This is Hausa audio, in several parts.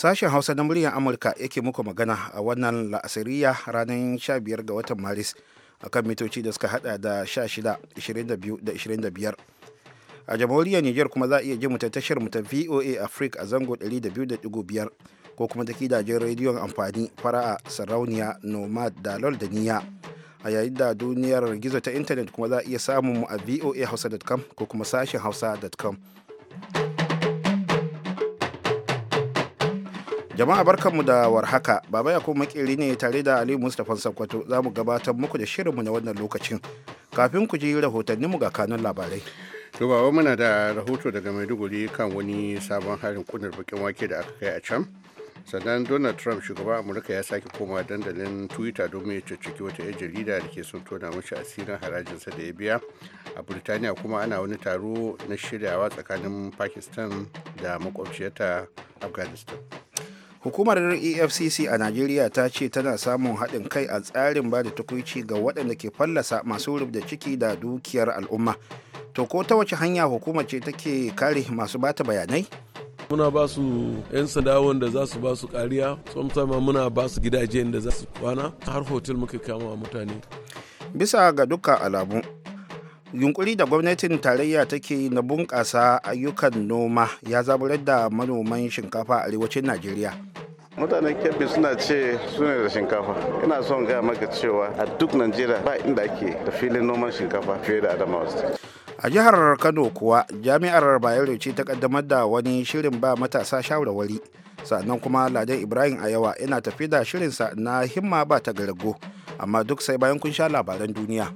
Sashen Hausa na muryar Amurka yake muku magana a wannan la'asiriya ranar 15 ga watan Maris a kan mitoci da suka hada da 16, 22 da 25. A jamhuriyar niger kuma za a iya jin ta tashar ta VOA Africa a zango 200.5 ko kuma ta gidajen rediyon amfani fara'a sarauniya nomad da lol da niya. A yayin da duniyar gizo ta intanet kuma za a iya samun mu a hausa.com ko kuma sashen hausa.com. jama'a barkanmu da warhaka baba yakubu makeri ne tare da ali mustapha sakwato za mu gabatar muku da shirinmu na wannan lokacin kafin ku ji rahotanninmu ga kanun labarai to ba muna da rahoto daga maiduguri kan wani sabon harin kunar bakin wake da aka kai a can sannan donald trump shugaban amurka ya sake koma dandalin twitter domin ya cicciki wata 'yan jarida da ke sun tona mashi asirin harajinsa da ya biya a burtaniya kuma ana wani taro na shiryawa tsakanin pakistan da makwabciyarta afghanistan hukumar efcc a najeriya ta ce tana samun haɗin kai a tsarin ba da tukuici ga waɗanda ke fallasa masu da ciki da dukiyar al'umma to ko ta wace hanya hukumar ce take kare masu bata bayanai muna ba su 'yan sanda wanda za su ba su kariya sometimes muna ba su gidaje da za su kwana har hotel muka kama mutane bisa ga duka alamu yunkuri da gwamnatin tarayya take na bunƙasa ayyukan noma ya zaburar da manoman shinkafa a arewacin najeriya mutanen kebbi suna ce su ne da shinkafa ina son gaya maka cewa a duk najeriya ba inda ake da filin noman shinkafa fiye da adamawa a jihar kano kuwa jami'ar bayero ce ta kaddamar da wani shirin ba matasa shawarwari sannan kuma ladan ibrahim a yawa yana tafi da shirinsa na himma ba ta garago amma duk sai bayan kun sha labaran duniya.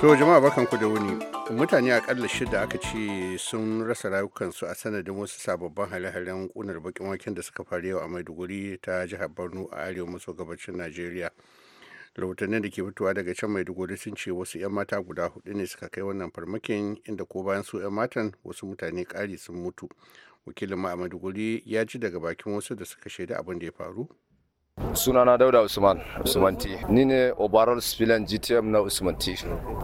To jama'a ku da wuni. Mutane a akalla shida aka ce sun rasa rayukansu a sanadin wasu sababbin hale-halen kunar bakin waken da suka faru yau a Maiduguri ta jihar Borno a arewa maso gabashin Najeriya. Rahotannin da ke fitowa daga can Maiduguri sun ce wasu 'yan mata guda hudu ne suka kai wannan farmakin inda ko bayan su 'yan matan wasu mutane kari sun mutu. Wakilin ma a Maiduguri ya ji daga bakin wasu da suka shaida abin da ya faru sunana dauda usman Usman T. ni ne obaral spilan gtm na Usman T.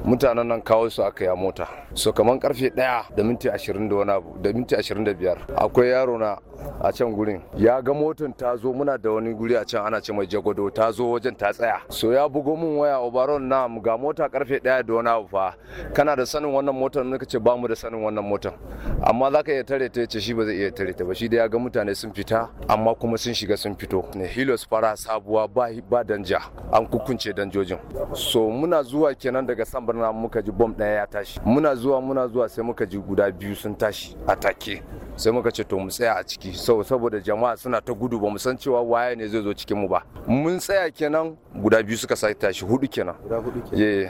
mutanen nan kawo su aka ya mota so kamar karfe daya da minti ashirin da wani abu da minti ashirin da biyar akwai yaro na a can gurin ya ga motan ta zo muna da wani guri a can ana ce mai jagwado ta zo wajen ta tsaya so ya bugo min waya obaral na ga mota karfe daya da wani abu fa kana da sanin wannan motan? ne kace ba mu da sanin wannan motan. amma zaka iya tare ta ce shi ba zai iya tare ta ba shi da ya ga mutane sun fita amma kuma sun shiga sun fito ne hilos kwara sabuwa ba danja an kukunce danjojin so muna zuwa kenan daga san barna muka ji bom ɗaya ya tashi muna zuwa muna zuwa sai muka ji guda biyu sun tashi a take sai muka ce to mu tsaya a ciki saboda jama'a suna ta gudu ba mu san cewa waye ne zai zo cikin mu ba mun tsaya kenan guda biyu suka sai tashi hudu kenan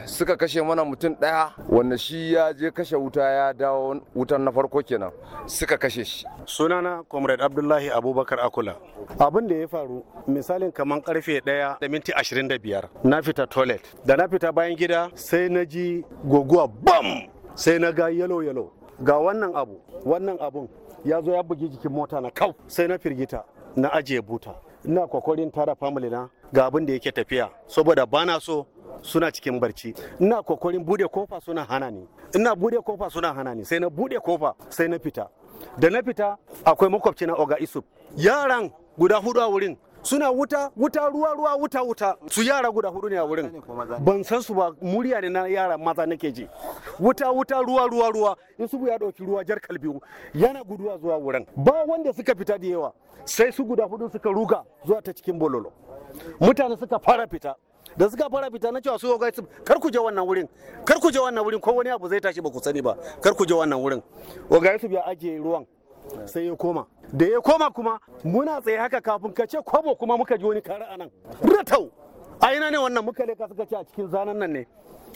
suka kashe mana mutum ɗaya wanda shi ya je kashe wuta ya dawo wutan na farko kenan suka kashe shi sunana comrade abdullahi abubakar akula abin da ya faru misali misalin kamar karfe ɗaya da minti ashirin da biyar na fita toilet da na fita bayan gida sai na ji goguwa bam sai na ga yalo yalo ga wannan abu wannan abun ya zo ya bugi jikin mota na kau sai na firgita na ajiye buta ina kokarin tara family na ga abin da yake tafiya saboda bana so suna cikin barci ina kokarin bude kofa suna hana ni ina bude kofa suna hana ni sai na bude kofa sai na fita da na fita akwai makwabci na oga isuf yaran guda hudu a wurin suna wuta wuta ruwa ruwa wuta wuta su yara guda hudu ne a wurin ban san su ba murya ne na yara maza nake ji wuta wuta ruwa ruwa ruwa in su ya dauki ruwa jar kalbi. yana guduwa zuwa wurin ba wanda suka fita da yawa sai su guda hudu suka ruga zuwa ta cikin bololo mutane suka fara fita da suka fara fita na cewa su ga su kar ku je wannan wurin kar ku je wannan wurin ko wani abu zai tashi ba ku sani ba kar ku je wannan wurin Ogaisu ya ajiye ruwan sai ya koma da ya koma kuma muna tsaye haka kafin ka ce kwabo kuma muka ji wani kara anan ratau a ina ne wannan muka leka suka ce a cikin zanen nan ne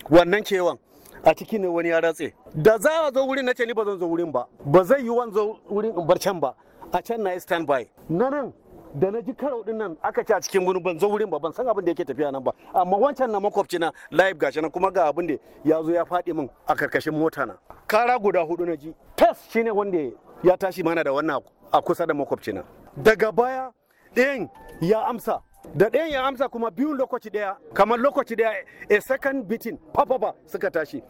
wannan kewan, a ciki ne wani ya ratse da za a zo wurin na ni ba zan zo wurin ba ba zai yi wan zo wurin in bar can ba a can na stand by na nan da na ji karau din nan aka ci a cikin gurin ban zo wurin ba ban san abin da yake tafiya nan ba amma wancan na makwabci na live gashi na kuma ga abin da ya zo ya faɗi min a karkashin mota na kara guda hudu na ji tas shine wanda ya tashi mana da wannan a kusa da makwabcina daga baya ɗayan ya amsa da ɗayan ya amsa kuma biyun lokaci ɗaya kamar lokaci daya a second beating papapa suka tashi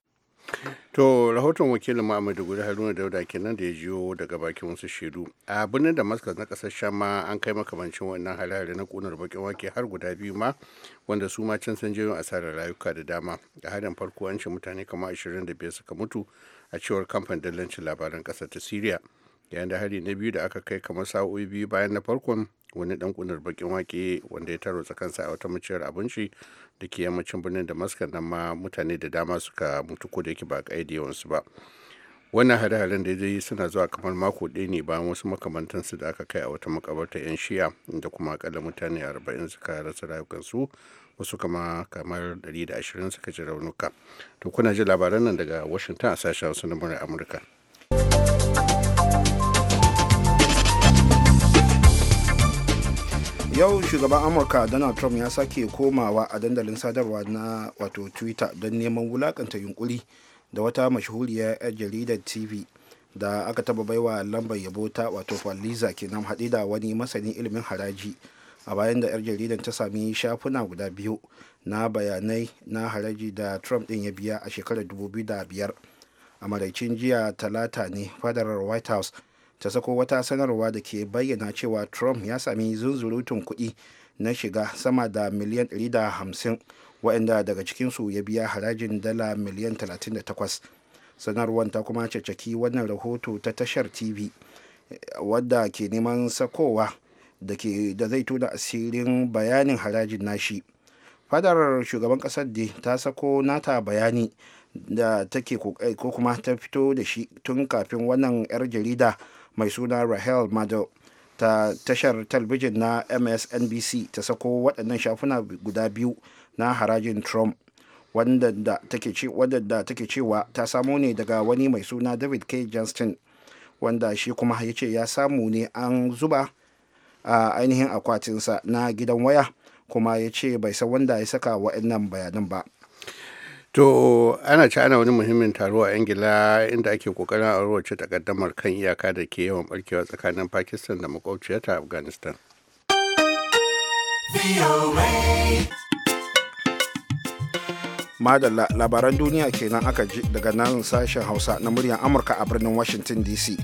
to rahoton wakilin muhammadu guda haruna dauda kenan da ya jiyo daga bakin wasu shaidu a birnin damascus na kasar shama an kai makamancin wannan hare-hare na kunar bakin wake har guda biyu ma wanda su ma can sun jiyo asarar rayuka da dama a harin farko an ce mutane kama 25 suka mutu a cewar kamfanin dallancin labaran kasar ta syria yayin da hari na biyu da aka kai kamar sa'o'i biyu bayan na farkon wani dan kunar bakin wake wanda ya taro tsakansa a wata maciyar abinci da ke yammacin birnin da damascus nan ma mutane da dama suka mutu ko da yake ba da yawansu ba wannan hare-haren da dai suna zuwa kamar mako ɗaya ne bayan wasu makamantansu da aka kai a wata makabarta 'yan shiya inda kuma akalla mutane arba'in suka rasa rayukansu wasu kama kamar ashirin suka ji raunuka to kuna ji labaran nan daga washington a sashen wasu na amurka yau shugaban amurka donald trump ya sake komawa a dandalin sadarwa na wato twitter don neman wulakanta yunkuri da wata mashahuriyar 'yar jaridar tv da aka taba baiwa lambar yabo ta wato faliza kenan haɗe da wani masanin ilimin haraji a bayan da 'yar jaridar ta sami shafuna guda biyu na bayanai na haraji da trump ɗin ya biya a shekarar 2005 a maraicin jiya talata ne fadarar white house ta sako wata sanarwa da ke bayyana cewa trump ya sami zunzurutun kuɗi na shiga sama da miliyan 150 waɗanda daga cikinsu ya biya harajin dala miliyan 38 sanarwar ta kuma cecaki wannan rahoto ta tashar tv wadda ke neman sakowa da zai tuna asirin bayanin harajin nashi fadar shugaban kasar da ta sako nata bayani da take ko kuma ta fito da shi tun kafin wannan 'yar jarida mai suna rahel maddow ta tashar talbijin na msnbc ta sako waɗannan shafuna guda biyu na harajin trump da take cewa ta samu ne daga wani mai suna david k johnston wanda shi kuma ya ce ya samu ne an zuba a ainihin akwatinsa na gidan waya kuma ya ce bai san wanda ya saka wa'annan bayanan ba To ana ci ana wani muhimmin taro a Ingila inda ake kokarin a rawace takaddamar kan iyaka da ke yawan barkewa tsakanin Pakistan da makwabciyarta Afghanistan. Madalla labaran duniya kenan aka ji daga nan sashen Hausa na muryar Amurka a birnin Washington DC.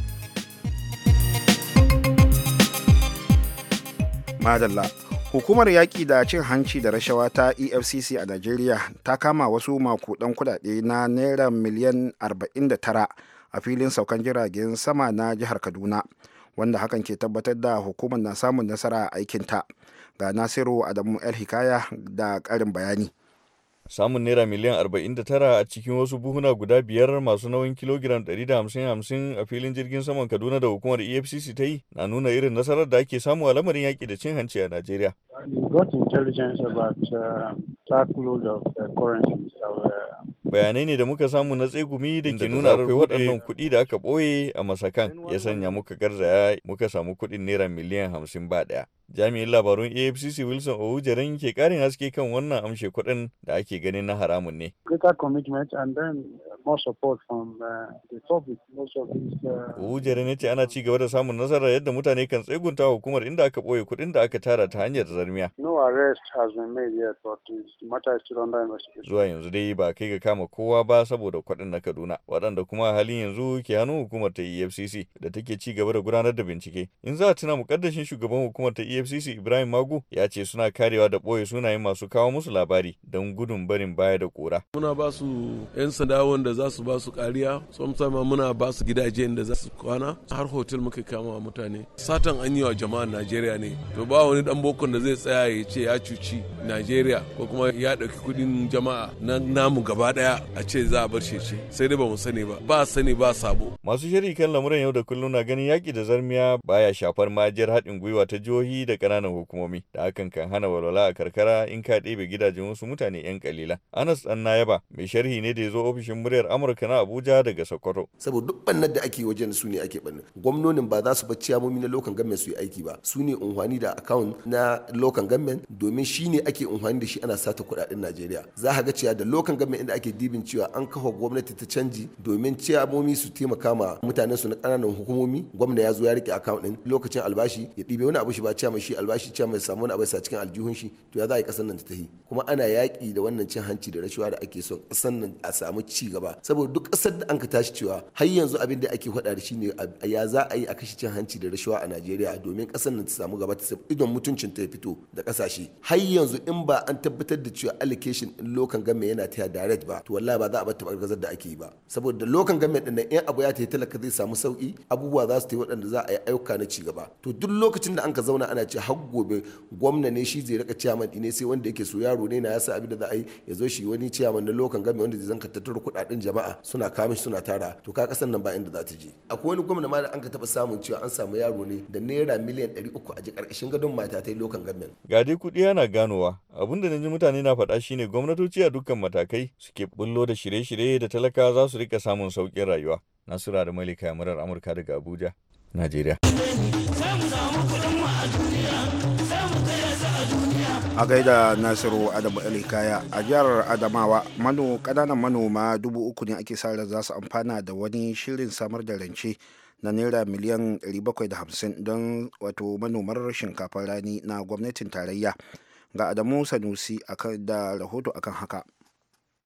Madalla hukumar yaƙi da cin hanci da rashawa ta efcc a najeriya ta kama wasu makudan kudade na naira miliyan 49 a filin saukan jiragen sama na jihar kaduna wanda hakan ke tabbatar da hukumar na samun nasara a aikinta ga nasiru adamu el hikaya da ƙarin bayani samun naira miliyan 49 a cikin wasu buhuna guda biyar masu nauyin kilogiram 150 a filin jirgin saman kaduna da hukumar efcc ta yi na nuna irin nasarar da ake samu a lamarin yaƙi da cin hanci a najeriya uh, uh, uh, bayanai ne da muka samu na tsegumi da ke nuna akwai waɗannan kuɗi da aka ɓoye a masakan ya sanya muka garzaya muka samu kuɗin naira miliyan hamsin ba ɗaya Jami'in labarun AFCC Wilson Owujaren ke karin haske kan wannan amshe kuɗin da ake ganin na haramun ne. Greater commitment uh, uh, ya ce ana ci gaba da samun nasara yadda mutane kan tsegunta hukumar inda aka ɓoye kuɗin da aka tara ta hanyar zarmiya. Zuwa yanzu dai ba kai ga kama kowa ba saboda kuɗin na Kaduna waɗanda kuma halin yanzu ke hannun hukumar ta EFCC da take ci gaba da gudanar da bincike. In za a tuna mukaddashin shugaban hukumar ta EFCC FCC Ibrahim Magu ya ce suna karewa da ɓoye sunayen masu kawo musu labari don gudun barin baya da kora. Muna ba su 'yan sanda wanda za su ba su kariya, sometimes muna ba su gidaje da za su kwana har hotel muka kama wa mutane. Satan an yi wa jama'ar Najeriya ne. To ba wani dan bokon da zai tsaya ya ce ya cuci Najeriya ko kuma ya ɗauki kuɗin jama'a na namu gaba ɗaya a ce za a bar shi sai dai ba mu sani ba ba sani ba sabo. Masu shiri kan lamuran yau da kullum na ganin yaƙi da zarmiya baya shafar majiyar haɗin gwiwa ta jihohi da ƙananan hukumomi da hakan kan hana walwala a karkara in ka ɗebe gidajen wasu mutane 'yan kalila. Anas ɗan Nayaba mai sharhi ne da ya zo ofishin muryar Amurka na Abuja daga Sokoto. Saboda duk bannar da ake wajen su ne ake bannar. Gwamnonin ba za su bar ciyamomi na lokan gamen su yi aiki ba. Su ne unhwani da akawun na lokan gamen domin shi ne ake unhwani da shi ana sata kuɗaɗen Najeriya. Za a ga cewa da lokan gamen inda ake dibin cewa an kafa gwamnati ta canji domin ciyamomi su taimaka ma mutanen su na ƙananan hukumomi gwamna ya zo ya rike akawun ɗin lokacin albashi ya ɗibe wani abu shi ba biya shi albashi cewa mai samu wani abai cikin aljihun shi to ya za a yi ƙasar nan ta tahi kuma ana yaƙi da wannan cin hanci da rashawa da ake son ƙasar nan a samu ci gaba saboda duk kasar da an ka tashi cewa har yanzu abin da ake faɗa da shi ne ya za a yi a kashe cin hanci da rashawa a Najeriya domin ƙasar nan ta samu gaba ta idon mutuncin ta fito da kasashe har yanzu in ba an tabbatar da cewa allocation in lokan game yana ta direct ba to wallahi ba za a bar tabargazar da ake yi ba saboda lokan game din nan in abu ya ta yi talaka zai samu sauki abubuwa za su ta yi waɗanda za a yi ayyuka na ci gaba to duk lokacin da an ka zauna ana ce har gobe gwamna ne shi zai rika ciyaman ne sai wanda yake so yaro ne na ya sa abin da za a yi ya zo shi wani ciyaman na lokan game wanda zai zanka tattaro kuɗaɗen jama'a suna kamun suna tara to ka kasan nan ba inda za ta je akwai wani gwamna ma da an ka taba samun cewa an samu yaro ne da naira miliyan ɗari uku a ji karkashin gadon mata ta yi lokan gamen. ga dai kuɗi yana ganowa abin da na ji mutane na faɗa shine gwamnatoci a dukkan matakai suke bullo da shirye-shirye da talaka za su rika samun sauƙin rayuwa nasira da malika murar amurka daga abuja najeriya. a gaida nasiru adamu kaya a jihar adamawa manu kananan manoma dubu uku ne ake sa za su amfana da wani shirin samar da rance na naira miliyan 750 don wato manomar shinkafar rani na gwamnatin tarayya ga adamu sanusi da rahoto akan haka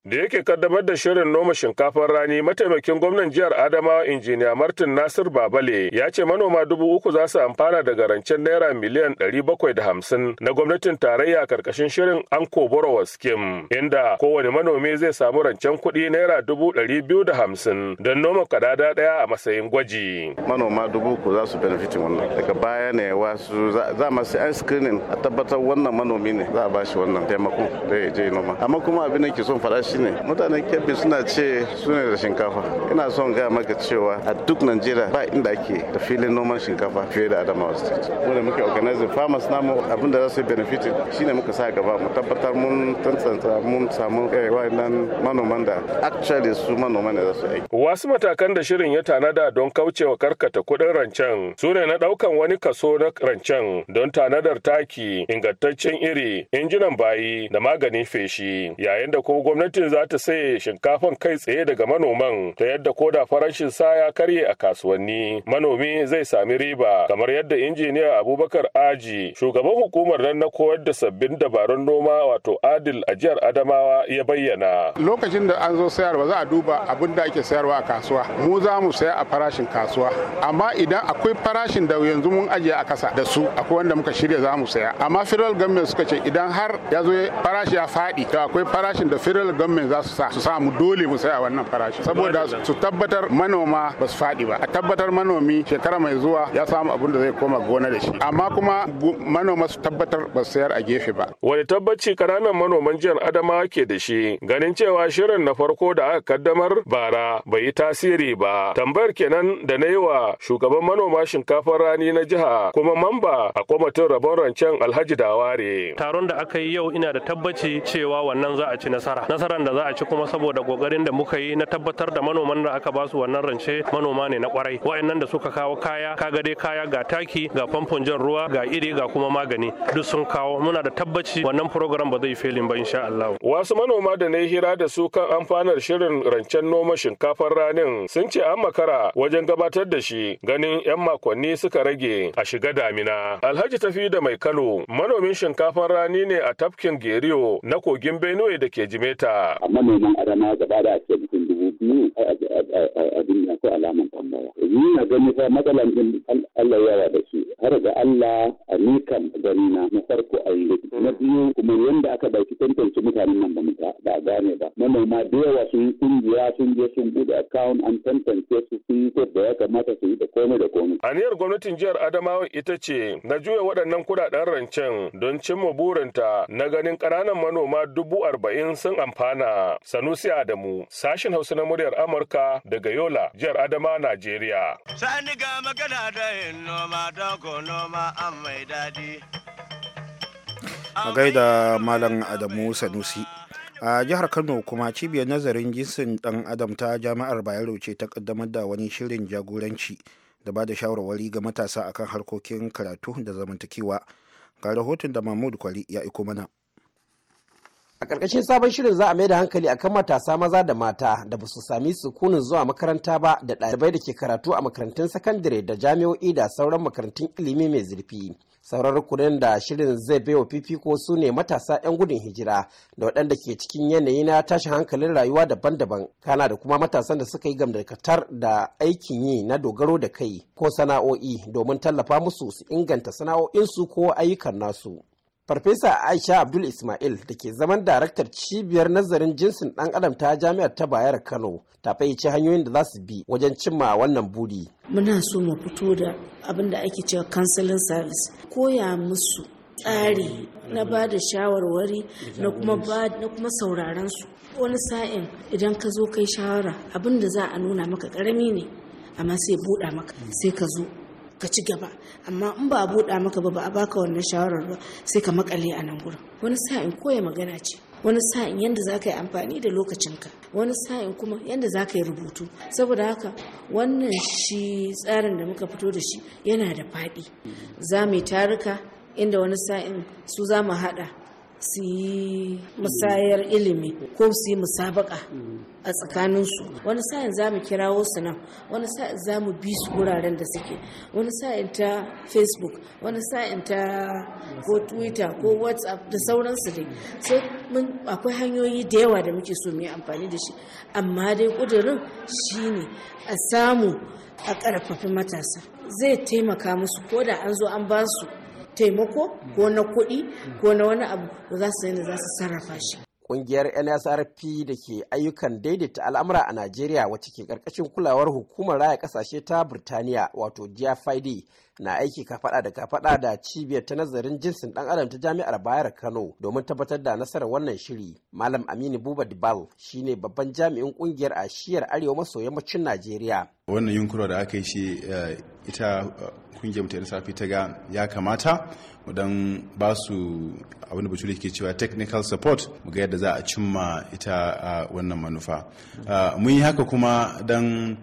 da yake kaddamar da shirin noma shinkafar rani mataimakin gwamnan jihar adamawa injiniya martin nasir babale ya ce manoma dubu uku za su amfana daga rancen naira miliyan ɗari bakwai da hamsin na gwamnatin tarayya karkashin shirin anko borowa skim inda kowane manomi zai samu rancen kuɗi naira dubu ɗari biyu da hamsin don noma kadada ɗaya a matsayin gwaji manoma dubu uku za su benefitin wannan daga baya ne wasu za ma sai an screening a tabbatar wannan manomi ne za a ba shi wannan taimako da ya je noma amma kuma abin da ke son faɗa shi ne kebbi suna ce su ne da shinkafa ina son gaya maka cewa a duk najeriya ba inda ake da filin noman shinkafa fiye da adamawa state mu muke organizing farmers namu abin da za su benefit shine muka sa gaba mu tabbatar mun tantsanta mun samu eh, wayannan manoman da actually su manoman ne za su aiki wasu matakan da shirin ya tanada don kaucewa karkata kuɗin rancen su ne na ɗaukan wani kaso na rancen don tanadar taki ingantaccen iri injinan bayi da maganin feshi yayin da ko gwamnati. gwamnatin za ta saye shinkafan kai tsaye daga manoman ta yadda koda farashin sa ya karye a kasuwanni manomi zai sami riba kamar yadda injiniya abubakar aji shugaban hukumar nan na koyar da sabbin dabarun noma wato adil a jihar adamawa ya bayyana lokacin da an zo sayarwa za a duba abin da ake sayarwa a kasuwa mu za mu saya a farashin kasuwa amma idan akwai farashin da yanzu mun ajiye a kasa da su akwai wanda muka shirya za mu saya amma federal government suka ce idan har ya zo farashi ya faɗi to akwai farashin da federal government gwamnati za su sa su samu dole mu saya wannan farashi saboda su tabbatar manoma ba su faɗi ba a tabbatar manomi shekara mai zuwa ya samu abin da zai koma gona da shi amma kuma manoma su tabbatar ba su sayar a gefe ba wani tabbaci kananan manoman jihar adama ke da shi ganin cewa shirin na farko da aka kaddamar bara bai yi tasiri ba tambayar kenan da na yi wa shugaban manoma shinkafar rani na jiha kuma mamba a kwamitin rabon rancen alhaji daware taron da aka yi yau ina da tabbaci cewa wannan za a ci nasara nasaran da za a ci kuma saboda kokarin da muka yi na tabbatar da manoman da aka basu wannan rance manoma ne na kwarai wa'annan da suka kawo kaya kaga dai kaya ga taki ga famfon jan ruwa ga iri ga kuma magani duk sun kawo muna da tabbaci wannan program ba zai felin ba insha Allah wasu manoma da na hira da su kan amfanar shirin rancen noma shinkafar ranin sun ce an makara wajen gabatar da shi ganin yan makonni suka rage a shiga damina alhaji tafi da mai kano manomin shinkafar rani ne a tafkin geriyo na kogin benue da ke jimeta manoman adama gaba da ake mutum ni abin ya ko alaman tambaya ni na gani fa matsalan din Allah yawa da shi har ga Allah a ni kan gani na na farko a yi na biyu kuma yanda aka dauki tantance mutanen nan ba mu ba gane ba manoma da yawa sun yi kungiya sun je sun bude account an tantance su sun yi da ya kamata su yi da komai da komai aniyar gwamnatin jihar Adamawa ita ce na juya waɗannan kuɗaɗen rancen don cimma burinta na ganin ƙananan manoma dubu arba'in sun amfana Sanusi Adamu sashin Hausa na muryar Amurka daga Yola, jihar Adama, Najeriya. Sani ga magana da yin noma noma an mai daɗi. A gaida Malam Adamu Sanusi. a jihar kano kuma cibiyar nazarin jinsin ɗan adam ta jami'ar bayero ce ta ƙaddamar da wani shirin jagoranci da ba da shawarwari ga matasa akan harkokin karatu da zamantakewa ga rahoton da mahmud kwari ya iko mana a ƙarƙashin sabon shirin za a mai da hankali akan matasa maza da mata da ba su sami sukunin zuwa makaranta ba da ɗalibai da ke karatu a makarantun sakandare da jami'o'i da sauran makarantun ilimi mai zurfi sauran rukunin da shirin zai bai wa fifiko su ne matasa 'yan gudun hijira da waɗanda ke cikin yanayi na tashin hankalin rayuwa daban-daban kana da kuma matasan da suka yi gamdakatar da aikin yi na dogaro da kai ko sana'o'i domin tallafa musu su inganta sana'o'insu ko ayyukan nasu Farfesa Aisha Abdul Ismail da ke zaman daraktar cibiyar nazarin jinsin ɗan adam ta jami'ar ta Bayar Kano ta fahimci hanyoyin da za su bi wajen cimma wannan buri. Muna so mu fito da abin da ake cewa counseling service koya musu tsari na ba da shawarwari na kuma sauraron su wani sa'in idan ka zo kai shawara abin da za a nuna maka karami ne amma sai buɗa maka sai ka zo ka ci gaba amma in ba a buɗa maka ba ba a baka wannan shawarar ba sai ka makale a nan gurin wani sa'in koya magana ce wani sa'in yadda za ka yi amfani da lokacinka wani sa'in kuma yadda za ka yi rubutu saboda haka wannan shi tsarin da muka fito da shi yana da faɗi za mu yi taruka inda wani sa'in su za mu haɗa su yi musayar ilimi ko su yi musabaka a tsakaninsu wani sa'in za mu kirawo su nan wani sa'in za mu bi su wuraren da suke wani sa'in ta facebook wani sa'in ta ko twitter ko whatsapp da sauransu dai sai mun akwai hanyoyi da yawa da muke so mu yi amfani da shi amma dai shi shine a samu a ƙarfafi matasa zai taimaka musu ko da an zo an basu. taimako mm. ko na kuɗi mm. ko na wani abu da za su yadda za su sarrafa shi. ƙungiyar NSRP da ke ayyukan daidaita al'amura a Najeriya wacce ke ƙarƙashin kulawar hukumar raya ƙasashe ta Birtaniya wato GFID na aiki kafaɗa da kafaɗa da cibiyar ta nazarin jinsin ɗan adam ta jami'ar bayar kano domin tabbatar da nasarar wannan shiri malam aminu buba dibal ne babban jami'in ƙungiyar a shiyar arewa maso yammacin najeriya wannan yunkura da aka yi shi eh, ita uh, kungiyar mutane safi ta ga ya kamata mu dan ba su abinda bature ke cewa technical support mu ga yadda za a cimma ita uh, wannan manufa uh, mun yi haka kuma don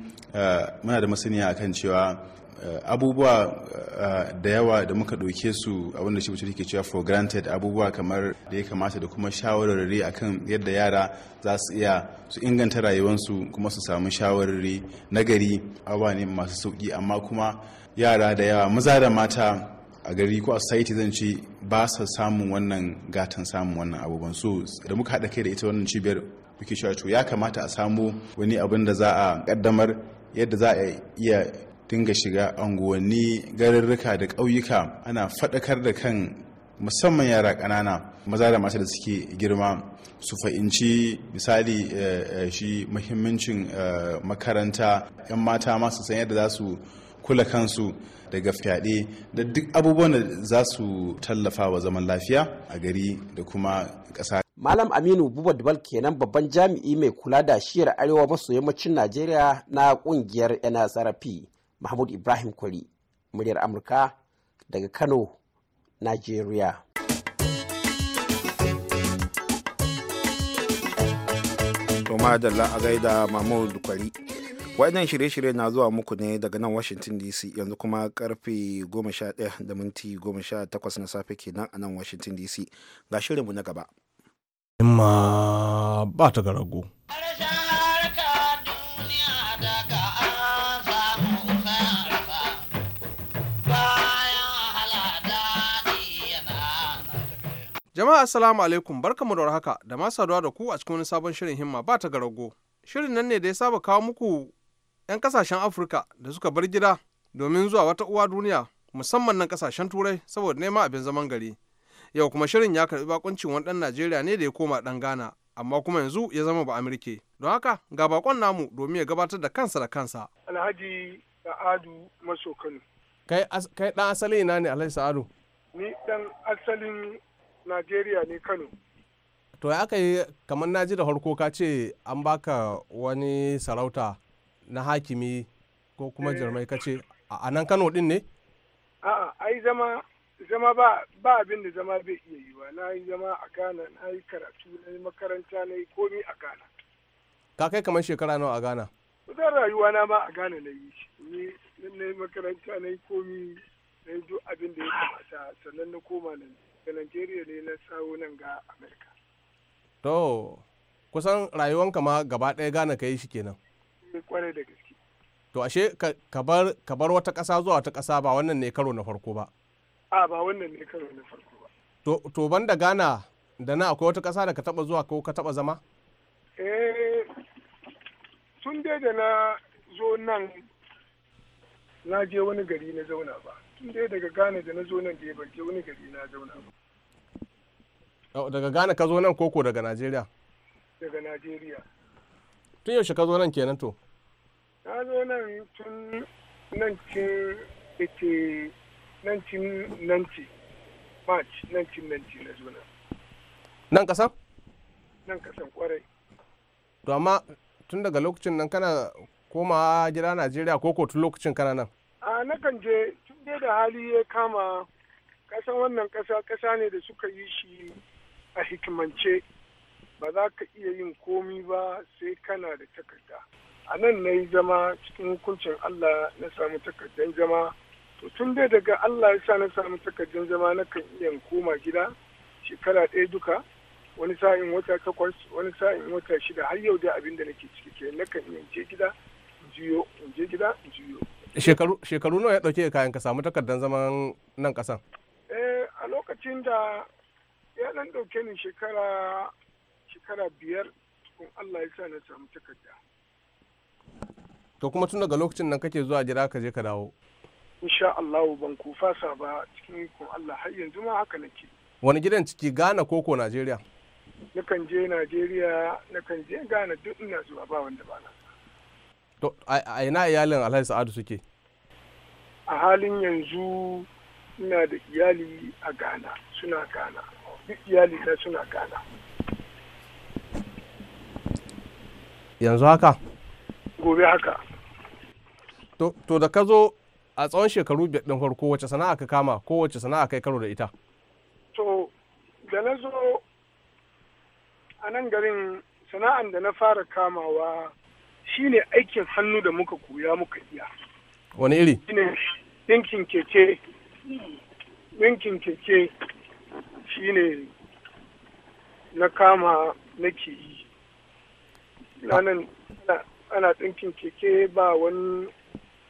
muna da masaniya akan cewa Eh, abubuwa eh, da yawa da muka ɗauke su abinda shi mutum ke cewa for granted abubuwa kamar da ya kamata da kuma shawarwari akan yadda yara za su iya su inganta rayuwarsu kuma su samu shawararri na gari abubuwa ne masu sauƙi amma kuma yara da yawa maza da mata a gari ko a society zan ci ba sa samun wannan gatan samun wannan abubuwan so da muka haɗa kai da ita wannan cibiyar muke cewa to ya kamata a samu wani abin da za a ƙaddamar yadda za a iya dinga shiga unguwanni garurruka da ƙauyuka ana faɗakar da kan musamman yara ƙanana maza da mata da suke girma su fahimci misali eh, eh, shi muhimmancin eh, makaranta 'yan mata masu san yadda za su kula kansu daga fyaɗe da duk abubuwan da za su tallafa wa zaman lafiya a gari da kuma ƙasa. Malam Aminu Buba Dubal kenan babban jami'i mai kula da shiyar arewa maso yammacin Najeriya na ƙungiyar NSRP. mahmud ibrahim kwari muryar amurka daga kano nigeria Toma da la'agai da Mahmud Kwari. Waɗannan shirye-shirye na zuwa muku ne daga nan Washington DC yanzu kuma karfe 11 da minti 18 na safe kenan a nan Washington DC. Ga shirinmu na gaba. Imma ba ta garago. Jama'a assalamu alaikum barkamu da haka da ma saduwa da ku a cikin wani sabon shirin himma ba ta garago. Shirin nan ne da ya saba kawo muku 'yan kasashen Afirka da suka bar gida domin zuwa wata uwa duniya musamman nan kasashen Turai saboda neman abin zaman gari. Yau kuma shirin ya karbi bakuncin wani ɗan Najeriya ne da ya koma ɗan Ghana amma kuma yanzu ya zama ba Amirke. Don haka ga bakon namu domin ya gabatar da kansa da kansa. Alhaji Sa'adu Maso Kano. Kai ɗan asali ina ne Alhaji Sa'adu? Ni ɗan asalin najeriya ne kano to ya aka yi kamar na ji da harko ka ce an baka wani sarauta na hakimi ko kuma eh. jirmai ka ce a nan kano din ne a'a ai zama zama ba ba abin da zama bai iya yi ba na yi zama a ghana na yi karatu na yi makaranta na yi komi a ghana ka kai kamar shekara nawa a ghana zan rayuwa na ma a ghana na yi ne na yi makaranta na yi komi na yi duk abin da ya kamata sannan na koma nan da Najeriya ne na sawo nan ga Amerika. To, kusan rayuwanka ma gaba ɗaya gane ka yi shi kenan. Kwarai eh, da gaske. To, ashe ka bar wata ƙasa zuwa wata ƙasa ba wannan ne karo na farko ba. A ba wannan ne karo na farko ba. To, to ban da Ghana da na akwai wata ƙasa da ka taɓa zuwa ko ka taɓa zama? Eh, tun dai da na zo nan na je wani gari na zauna ba. tun dai daga gane da na zo nan da ban je wani gari na zauna ba. Oh, daga gane ka zo nan koko daga Najeriya? Daga Najeriya. Tun yaushe ka zo nan kenan to? Na zo nan tun nan cin ite nan cin nan ci March nan cin nan ci na zo nan. Nan kasan? Nan kasan kwarai. To amma tun daga lokacin nan kana koma gida Najeriya koko tun lokacin kana nan? A nakan je dai da hali ya kama kasan wannan kasa kasa ne da suka yi shi a hikimance ba za ka iya yin komi ba sai kana da takarda a nan na yi zama cikin hukuncin allah na samu takardar zama to tun dai daga allah ya sa na samu takardar zama na kan iya koma gida shekara ɗaya duka wani sa'in wata takwas wani sa'in wata shida har yau dai abin da nake ciki ke na kan iya je gida in je gida in juyo shekaru nawa ya dauke kayan ka samu takardar zaman nan kasan eh a lokacin da ya dan dauke ni shekara shekara biyar kun Allah ya sa na samu takarda to kuma tun daga lokacin nan kake zuwa jira ka je ka dawo insha Allah ban ku fasa ba cikin kun Allah har yanzu ma haka nake wani gidan ciki Ghana koko Najeriya nakan je Najeriya nakan je Ghana duk ina zuwa ba wanda ba na To, a ina iyalin Alhaji Sa'adu suke? A halin yanzu ina da iyali a Ghana, suna Ghana. Duk iyali na suna Ghana. Yanzu haka? Gobe haka. To, da ka zo a tsawon shekaru biyar ɗin farko wacce sana'a ka kama ko wacce sana'a kai karo da ita? To, da na zo a nan garin sana'an da na fara kamawa shi ne aikin hannu da muka koya muka iya wani iri shine ɗinkin keke ɗinkin keke ne na kama nake yi ana ɗinkin keke ba wani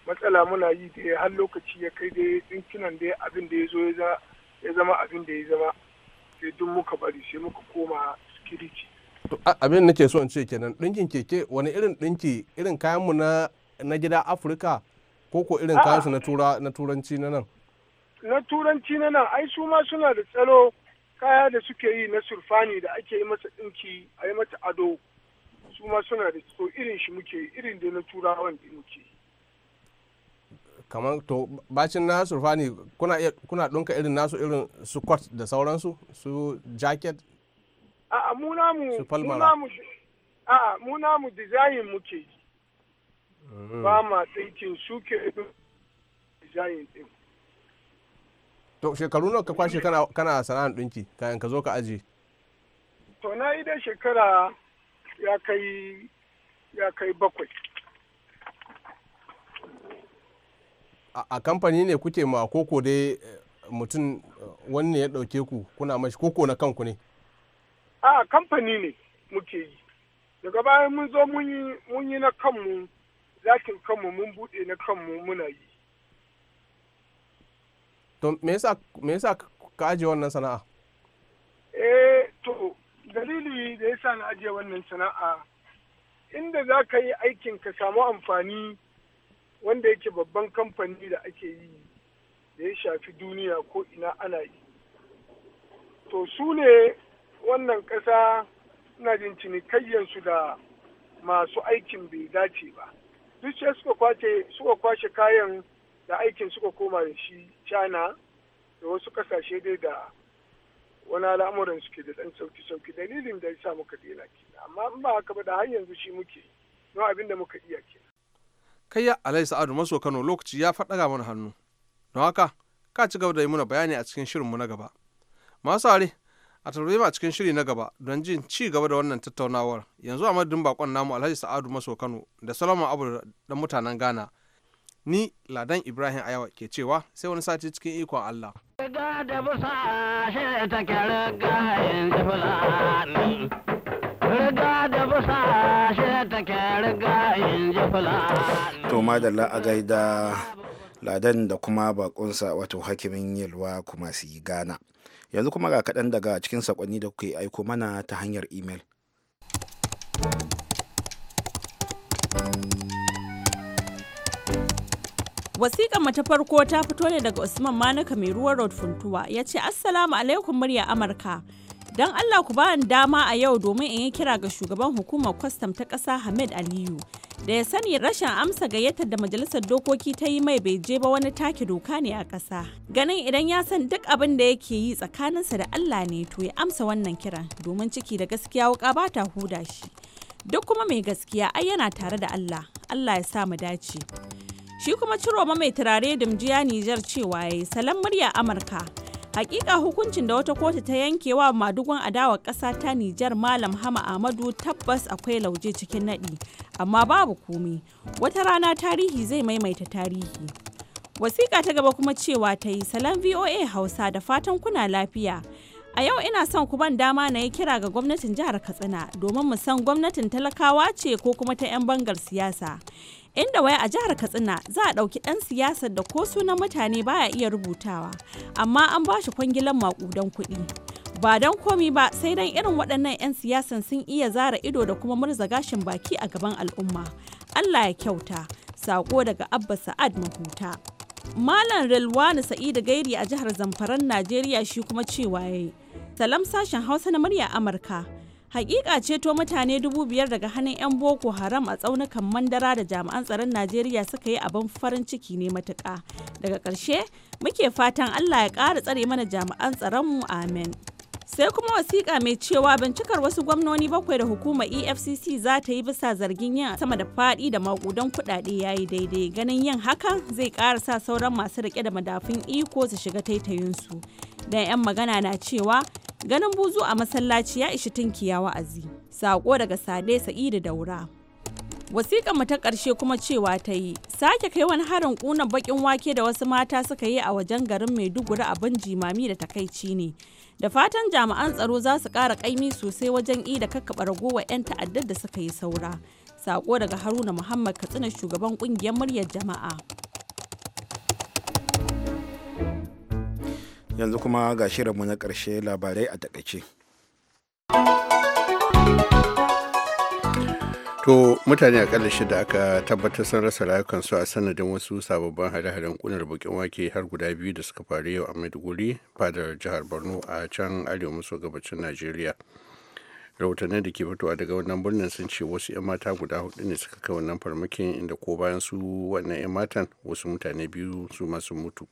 matsala muna yi da har lokaci ya kai dai ɗinkinan dai abin da ya zo ya zama abin da ya zama sai duk muka bari sai muka koma sikiriti abin nake so in ce kenan dinkin keke wani irin dinki irin kayanmu na na gida afirka ko ko irin kayansu na tura na turanci na nan na turanci na nan ai su ma suna da tsaro kaya da suke yi na surfani da ake yi masa dinki a yi mata ado su ma suna da so irin shi muke irin da na turawan da muke kamar to bacin na surfani kuna kuna irin nasu irin su da sauransu su jacket a mu namu mu design muke mm. ba ma tsinkin suke design din to shekaru nawa ka kwashe kana sana'an sana'ar dinki kayan ka zo ka aji. to na yi da shekara ya kai ya kai bakwai a kamfani ne kuke ma koko dai eh, mutum eh, wani ya dauke ku kuna mashi koko na kanku ne a kamfani ne muke yi daga bayan mun zo mun yi na kanmu zakin kanmu mun buɗe na kanmu muna yi to me yasa me ka aje wannan sana'a eh to dalili da yasa na ajiye wannan sana'a inda za ka yi aikin ka samu amfani wanda yake babban kamfani da ake yi da ya shafi duniya ko ina ana yi to su ne wannan ƙasa ina jin cinikayyansu da masu aikin bai dace ba duk shi suka kwace suka kwashe kayan da aikin suka koma da shi china da wasu ƙasashe dai da wani al'amuran suke da ɗan sauki-sauki dalilin da ya sa muka dena ke amma in ba haka ba da har yanzu shi muke don abin da muka iya ke kai ya alai sa'adu maso kano lokaci ya faɗaga mana hannu don haka ka ci gaba da yi muna bayani a cikin shirinmu na gaba masu are a tarbe ma cikin shiri na gaba don jin ci gaba da wannan tattaunawar yanzu a madadin bakon namu alhaji sa'adu maso kano da salama abu da mutanen ghana ni ladan ibrahim ayawa ke cewa sai wani sati cikin ikon allah riga da busa shi to madalla a gaida ladan da kuma bakonsa wato hakimin yalwa kuma su yi gana yanzu kuma ga kaɗan daga cikin saƙonni da kuke aiko mana ta hanyar imel. Wasiƙan mata farko ta fito ne daga Usman Manuka mai ruwan Road Funtuwa ya ce Assalamu alaikum murya Amurka. Don Allah ku ba ni dama a yau domin in yi kira ga shugaban hukumar kwastam ta ƙasa Hamid Aliyu. Da ya sani rashin amsa gayyatar da majalisar dokoki ta yi mai bai je ba wani take doka ne a ƙasa. Ganin idan ya san duk abin da yake yi tsakaninsa da Allah ne to ya amsa wannan kiran domin ciki da gaskiya wuka ba ta huda shi. Duk kuma mai gaskiya ai yana tare da Allah. Allah ya sa mu dace. Shi kuma ciro ma mai turare Dumjiya Nijar cewa ya yi salam murya Amurka. hakika hukuncin da wata kotu ta yanke wa madugun adawar ƙasa ta Nijar Malam Hama Ahmadu tabbas akwai lauje cikin nadi amma babu komi. Wata rana tarihi zai maimaita tarihi. Wasiƙa ta gaba kuma cewa ta yi salon VOA Hausa da fatan kuna lafiya. A yau ina son ku ban dama na yi kira ga gwamnatin jihar Katsina domin mu san gwamnatin talakawa ce ko kuma ta 'yan bangar siyasa. inda wai a jihar katsina za a ɗauki ɗan siyasar da ko sunan mutane baya iya rubutawa amma an ba shi kwangilan maƙudan kuɗi ba don komi ba sai dan irin waɗannan 'yan siyasan sun iya zara ido da kuma murza gashin baki a gaban al'umma allah ya kyauta saƙo daga abba sa'ad mahuta malam rilwani sa'idu gairi a jihar zamfaran najeriya shi kuma cewa yayi. salam sashen hausa na murya amurka Hakika ceto mutane dubu biyar daga hannun 'yan Boko Haram a tsaunukan Mandara da jami'an tsaron Najeriya suka yi abin farin ciki ne matuka Daga ƙarshe, muke fatan Allah ya ƙara tsare mana jami'an mu amen. sai kuma wasiƙa mai cewa bincikar wasu gwamnoni bakwai da hukumar efcc za ta yi bisa zargin yin sama da faɗi da maƙudan kuɗaɗe ya yi daidai ganin yin hakan zai ƙara sa sauran masu riƙe da madafin iko su shiga taitayinsu Dan 'yan magana na cewa ganin buzu a masallaci ya ishi tunkiya wa'azi. saƙo daga Sade Sa'idu Daura. Wasiƙar mu ta ƙarshe kuma cewa ta yi sake kai wani harin ƙunan baƙin wake da wasu mata suka yi a wajen garin Maiduguri abin jimami da takaici ne. Da fatan jami'an tsaro za su ƙara ƙaimi sosai wajen i da kakkaɓa ragowar 'yan ta'addar da suka yi saura. saƙo daga Haruna Muhammad Katsina shugaban ƙungiyar muryar jama'a. yanzu kuma ga shirinmu na karshe labarai a takaice. To mutane a akalla shida aka tabbatar sun rasa rayukansu a sanadin wasu sababbin hare-haren kunar bakin wake har guda biyu da suka faru yau a Maiduguri fadar jihar Borno a can arewa maso gabacin Najeriya. Rahotannin da ke fitowa daga wannan birnin sun ce wasu 'yan mata guda hudu ne suka kai wannan farmakin inda ko bayan su wannan 'yan matan wasu mutane biyu su masu mutu.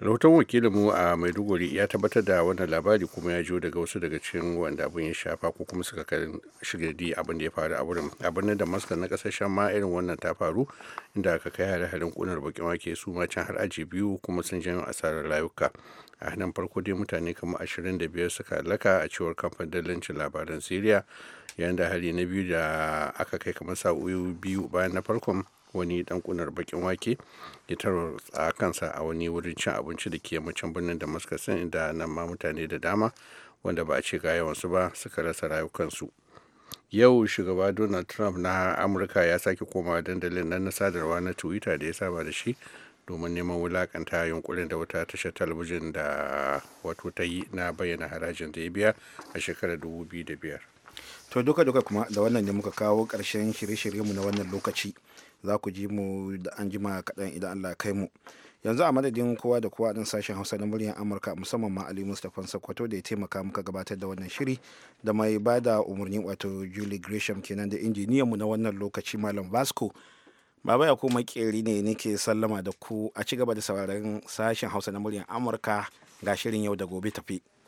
rahoton wakilinmu a maiduguri ya tabbatar da wannan labari kuma ya jo daga wasu daga cikin wanda abin ya shafa ko kuma suka kai shirya abin da ya faru a wurin abin da maskar na kasashen ma irin wannan ta faru inda aka kai hare-haren kunar bakin wake su ma can har aji biyu kuma sun janyo asarar rayuka a hannun farko dai mutane kamar biyar suka laka a cewar kamfan dalancin labaran syria yayin da hari na biyu da aka kai kamar sa'o'i biyu bayan na farkon wani dan kunar bakin wake ya a kansa a wani wurin cin abinci da ke yammacin birnin maskasin inda nan ma mutane da dama wanda ba a ce ga yawansu ba suka rasa rayukansu yau shugaba donald trump na amurka ya sake koma dandalin nan na sadarwa na twitter da ya saba da shi domin neman wulakanta yunkurin da wata tashar talabijin da wato ta yi na bayyana harajin da ya biya a shekarar 2005 to duka-duka kuma da wannan ne muka kawo karshen shirye-shiryenmu na wannan lokaci za ku ji mu da an jima kaɗan idan allah kai mu yanzu a madadin kowa da kowa ɗin sashen hausa na muryar amurka musamman ma ali mustapha sakwato da ya taimaka muka gabatar da wannan shiri da mai ba da umarni wato julie gresham kenan da injiniyan mu na wannan lokaci malam vasco baba ya kuma makeri ne nake sallama da ku a ci gaba da sauraron sashen hausa na muryar amurka ga shirin yau da gobe tafi.